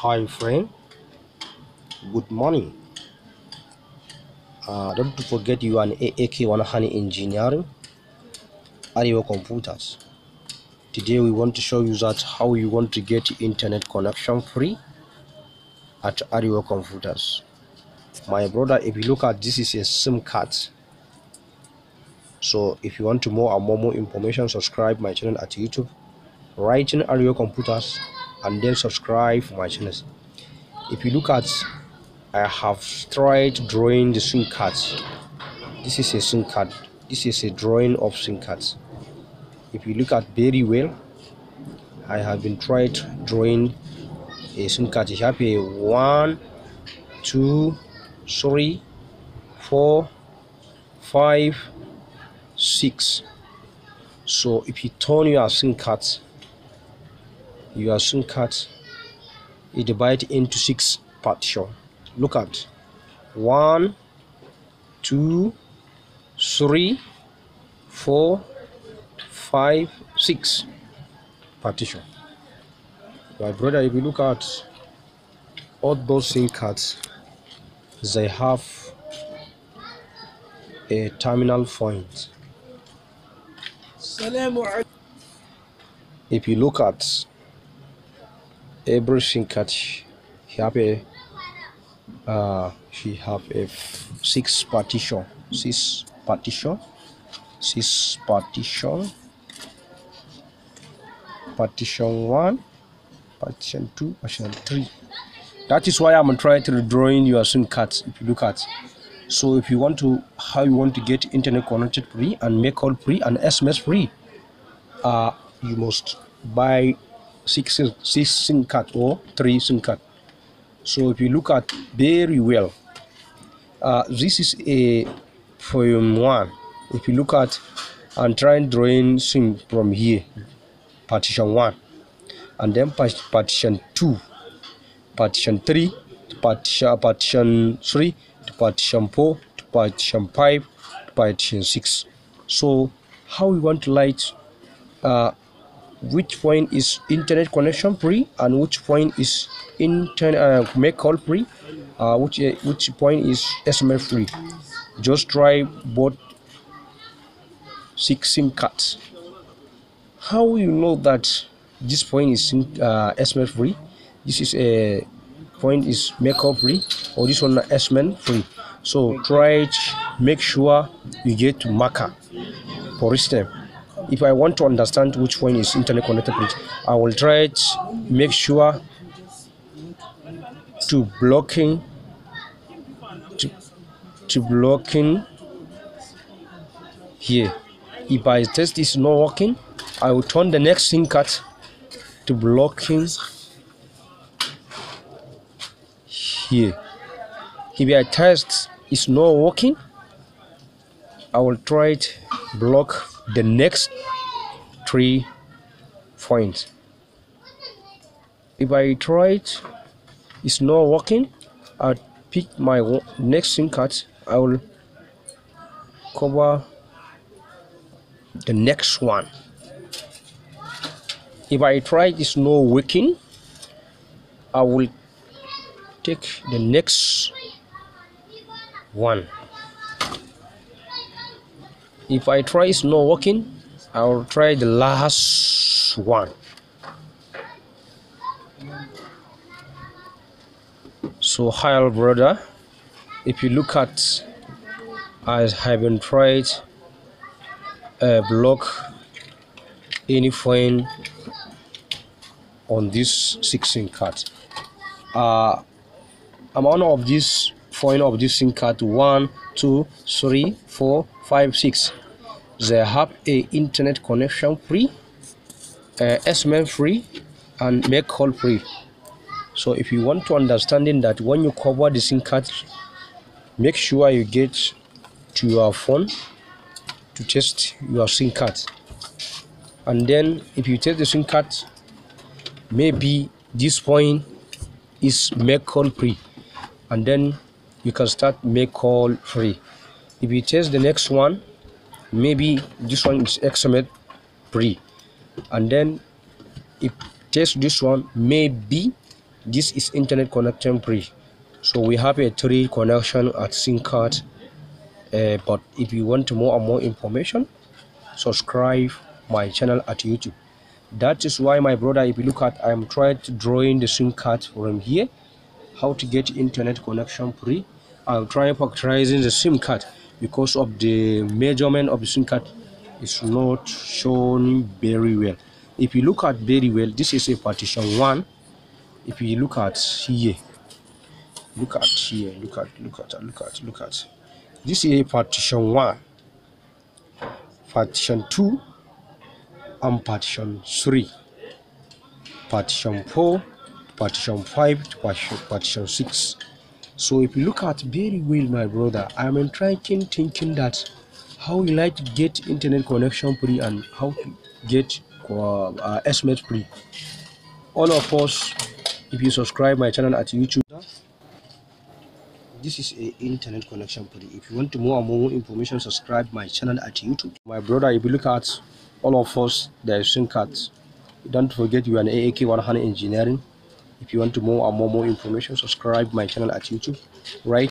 hi friend good morning uh, don't forget you are an aak 100 engineering Audio computers today we want to show you that how you want to get internet connection free at Audio computers my brother if you look at this is a sim card so if you want to more and more, more information subscribe my channel at youtube writing Audio computers and then subscribe for my channels if you look at i have tried drawing the swing cards. this is a swing card this is a drawing of swing cards if you look at very well i have been tried drawing a swing card you have a one two three four five six so if you turn your swing cards you are soon cut it divide into six partition look at one two three four five six partition my brother if you look at all those same cards they have a terminal point if you look at everything cut he have a uh, he have a six partition six partition six partition partition one partition two partition three that is why i'm trying to drawing your sim cards if you look at so if you want to how you want to get internet connected free and make call free and sms free uh you must buy six, six cut or three cut. So if you look at very well, uh, this is a poem one. If you look at and try and drawing from here, partition one, and then partition two, partition three, to partition, partition three, to partition four, to partition five, to partition six. So how we want to light uh, which point is internet connection free and which point is internet uh, make call free uh, which uh, which point is sms free just try both six sim cards how you know that this point is uh, sms free this is a point is make call free or this one sms free so try make sure you get marker for instance if I want to understand which one is internet connected bridge, I will try it, make sure to blocking to, to blocking here. If I test is not working, I will turn the next thing card to blocking here. If I test is not working, I will try it block the next three points if I try it it's not working I pick my next sim card I will cover the next one if I try it's not working I will take the next one if I try it's not working I'll try the last one so hi brother if you look at I haven't tried a block any fine on this 16 card uh, I'm of this foil of this SIM card 1, 2, 3, 4, 5, 6. They have a internet connection free, uh, SMM free, and make call free. So if you want to understanding that when you cover the SIM card, make sure you get to your phone to test your SIM card. And then if you test the SIM card, maybe this point is make call free and then you can start make call free if you test the next one maybe this one is xml free and then if test this one maybe this is internet connection free so we have a three connection at syncart uh, eh, but if you want more and more information subscribe my channel at youtube that is why my brother if you look at i'm trying to drawing the sim card from here how to get internet connection free I'll try factorizing the SIM card because of the measurement of the SIM card is not shown very well. If you look at very well, this is a partition one. If you look at here, look at here, look at, look at, look at, look at. This is a partition one, partition two, and partition three, partition four, partition five, partition six so if you look at very well my brother i'm trying thinking that how you like to get internet connection free and how to get uh, estimate uh, free all of us if you subscribe my channel at youtube this is a internet connection free if you want to more and more information subscribe my channel at youtube my brother if you look at all of us there is SIM cards don't forget you are an aak 100 engineering if you want to more or more more information subscribe my channel at youtube right